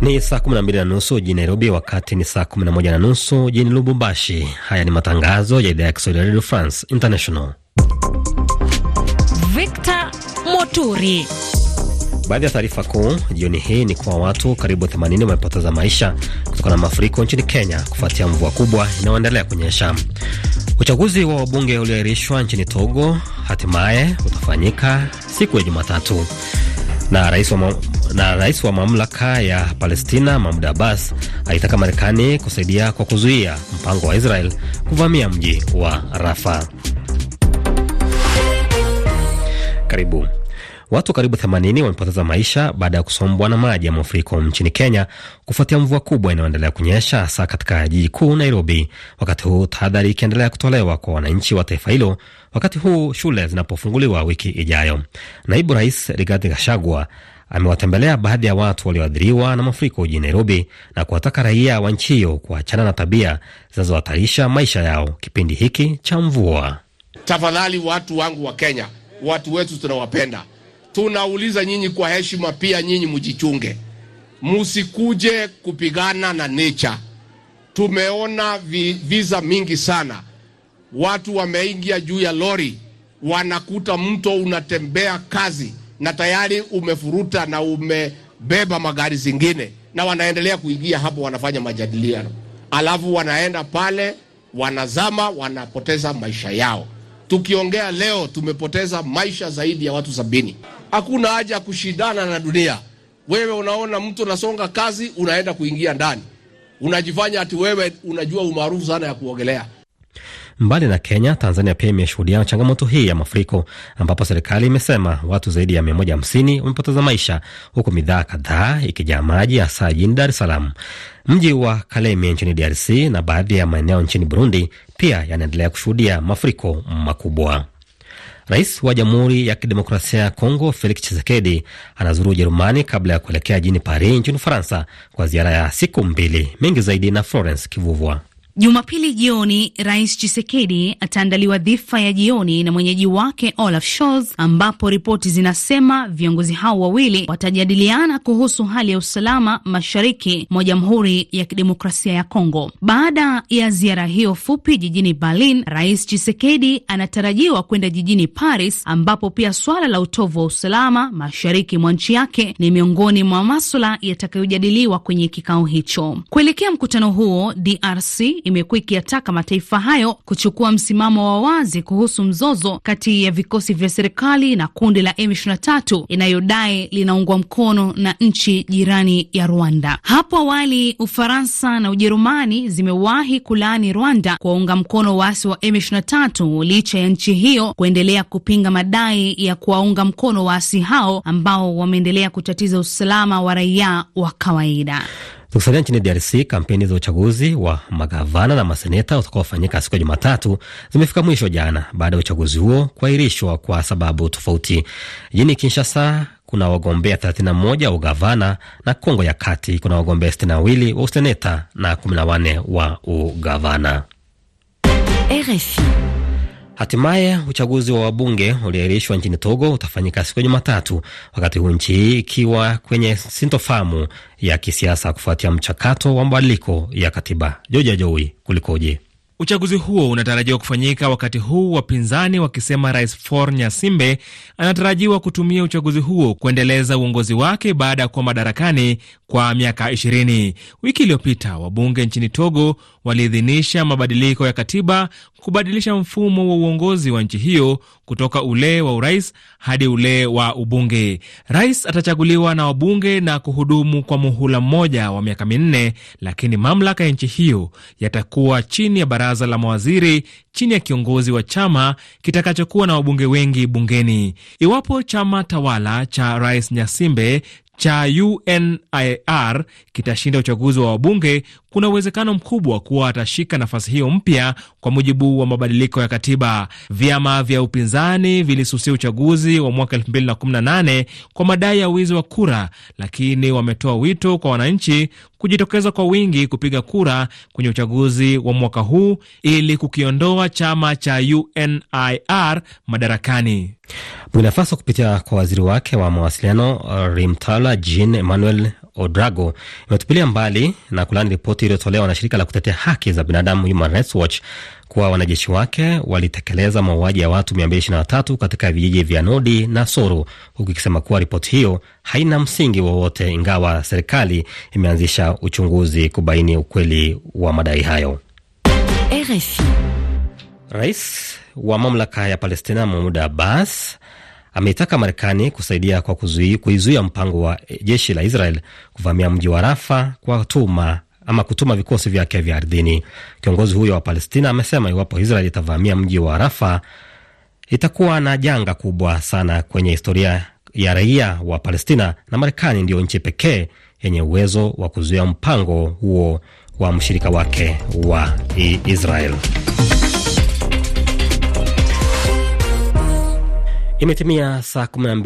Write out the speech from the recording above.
Ni saa 12 na nusu jijini Nairobi, wakati ni saa 11 na nusu jijini Lubumbashi. Haya ni matangazo ya idhaa ya Kiswahili ya Radio France International. Victor Moturi. Baadhi ya taarifa kuu jioni hii ni kuwa watu karibu 80 wamepoteza maisha kutokana na mafuriko nchini Kenya kufuatia mvua kubwa inayoendelea kunyesha. Uchaguzi wa wabunge ulioahirishwa nchini Togo hatimaye utafanyika siku ya Jumatatu, na rais wa na rais wa mamlaka ya Palestina Mahmud Abbas aitaka Marekani kusaidia kwa kuzuia mpango wa Israel kuvamia mji wa Rafa. Karibu. Watu karibu 80 wamepoteza maisha baada ya kusombwa na maji ya mafuriko nchini Kenya kufuatia mvua kubwa inayoendelea kunyesha hasa katika jiji kuu Nairobi, wakati huu tahadhari ikiendelea kutolewa kwa wananchi wa taifa hilo, wakati huu shule zinapofunguliwa wiki ijayo. Naibu Rais Rigathi Gachagua amewatembelea baadhi ya watu walioathiriwa na mafuriko jijini Nairobi na kuwataka raia wa nchi hiyo kuachana na tabia zinazohatarisha maisha yao kipindi hiki cha mvua. Tafadhali watu wangu wa Kenya, watu wetu tunawapenda, tunauliza nyinyi kwa heshima, pia nyinyi mjichunge, musikuje kupigana na nature. Tumeona vi, visa mingi sana, watu wameingia juu ya lori, wanakuta mto unatembea kazi na tayari umefuruta na umebeba magari zingine, na wanaendelea kuingia hapo, wanafanya majadiliano, alafu wanaenda pale, wanazama, wanapoteza maisha yao. Tukiongea leo tumepoteza maisha zaidi ya watu sabini. Hakuna haja ya kushindana na dunia. Wewe unaona mtu unasonga kazi, unaenda kuingia ndani, unajifanya ati wewe unajua umaarufu sana ya kuogelea. Mbali na Kenya, Tanzania pia imeshuhudia changamoto hii ya mafuriko, ambapo serikali imesema watu zaidi ya 150 wamepoteza maisha, huku midhaa kadhaa ikijaa maji, hasa jijini Dar es Salaam. Mji wa Kalemie nchini DRC na baadhi ya maeneo nchini Burundi pia yanaendelea kushuhudia mafuriko makubwa. Rais wa Jamhuri ya Kidemokrasia ya Kongo Felix Tshisekedi anazuru Ujerumani kabla ya kuelekea jini Paris nchini Ufaransa kwa ziara ya siku mbili. Mengi zaidi na Florence Kivuvwa. Jumapili jioni Rais Chisekedi ataandaliwa dhifa ya jioni na mwenyeji wake Olaf Scholz, ambapo ripoti zinasema viongozi hao wawili watajadiliana kuhusu hali ya usalama mashariki mwa Jamhuri ya Kidemokrasia ya Kongo. Baada ya ziara hiyo fupi jijini Berlin, Rais Chisekedi anatarajiwa kwenda jijini Paris, ambapo pia swala la utovu wa usalama mashariki mwa nchi yake ni miongoni mwa maswala yatakayojadiliwa kwenye kikao hicho. Kuelekea mkutano huo, DRC imekuwa ikiyataka mataifa hayo kuchukua msimamo wa wazi kuhusu mzozo kati ya vikosi vya serikali na kundi la M23 inayodai linaungwa mkono na nchi jirani ya Rwanda. Hapo awali Ufaransa na Ujerumani zimewahi kulaani Rwanda kuwaunga mkono waasi wa M23 licha ya nchi hiyo kuendelea kupinga madai ya kuwaunga mkono waasi hao ambao wameendelea kutatiza usalama wa raia wa kawaida. Tukisalia nchini DRC, kampeni za uchaguzi wa magavana na maseneta utakaofanyika siku ya Jumatatu zimefika mwisho jana baada ya uchaguzi huo kuahirishwa kwa sababu tofauti. Jijini Kinshasa kuna wagombea 31 wa ugavana na Kongo ya Kati kuna wagombea 62 wa useneta na 14 wa ugavana. RFI. Hatimaye uchaguzi wa wabunge ulioahirishwa nchini Togo utafanyika siku ya Jumatatu, wakati huu nchi hii ikiwa kwenye sintofahamu ya kisiasa kufuatia mchakato wa mabadiliko ya katiba. Joja Joi, kulikoje? Uchaguzi huo unatarajiwa kufanyika wakati huu wapinzani wakisema Rais For Nyasimbe anatarajiwa kutumia uchaguzi huo kuendeleza uongozi wake baada ya kuwa madarakani kwa miaka 20. Wiki iliyopita wabunge nchini Togo waliidhinisha mabadiliko ya katiba kubadilisha mfumo wa uongozi wa nchi hiyo kutoka ule wa urais hadi ule wa ubunge. Rais atachaguliwa na wabunge na kuhudumu kwa muhula mmoja wa miaka minne, lakini mamlaka ya nchi hiyo yatakuwa chini ya baraza la mawaziri chini ya kiongozi wa chama kitakachokuwa na wabunge wengi bungeni. Iwapo chama tawala cha Rais Nyasimbe cha UNIR kitashinda uchaguzi wa wabunge, kuna uwezekano mkubwa kuwa atashika nafasi hiyo mpya kwa mujibu wa mabadiliko ya katiba. Vyama vya upinzani vilisusia uchaguzi wa mwaka 2018 kwa madai ya wizi wa kura, lakini wametoa wito kwa wananchi kujitokeza kwa wingi kupiga kura kwenye uchaguzi wa mwaka huu ili kukiondoa chama cha UNIR madarakani. Burkina Faso kupitia kwa waziri wake wa mawasiliano Rimtala Jean Emmanuel Odrago imetupilia mbali na kulani ripoti iliyotolewa na shirika la kutetea haki za binadamu Human Rights Watch kuwa wanajeshi wake walitekeleza mauaji ya watu 223 katika vijiji vya Nodi na Soro, huku ikisema kuwa ripoti hiyo haina msingi wowote, ingawa serikali imeanzisha uchunguzi kubaini ukweli wa madai hayo. RFI. Rais wa mamlaka ya Palestina Mahmud Abbas ameitaka Marekani kusaidia kwa kuizuia mpango wa eh, jeshi la Israel kuvamia mji wa Rafa kwa tuma ama kutuma vikosi vyake vya ardhini. Kiongozi huyo wa Palestina amesema iwapo Israel itavamia mji wa Rafa itakuwa na janga kubwa sana kwenye historia ya raia wa Palestina, na Marekani ndiyo nchi pekee yenye uwezo wa kuzuia mpango huo wa mshirika wake wa Israel. Imetimia saa 12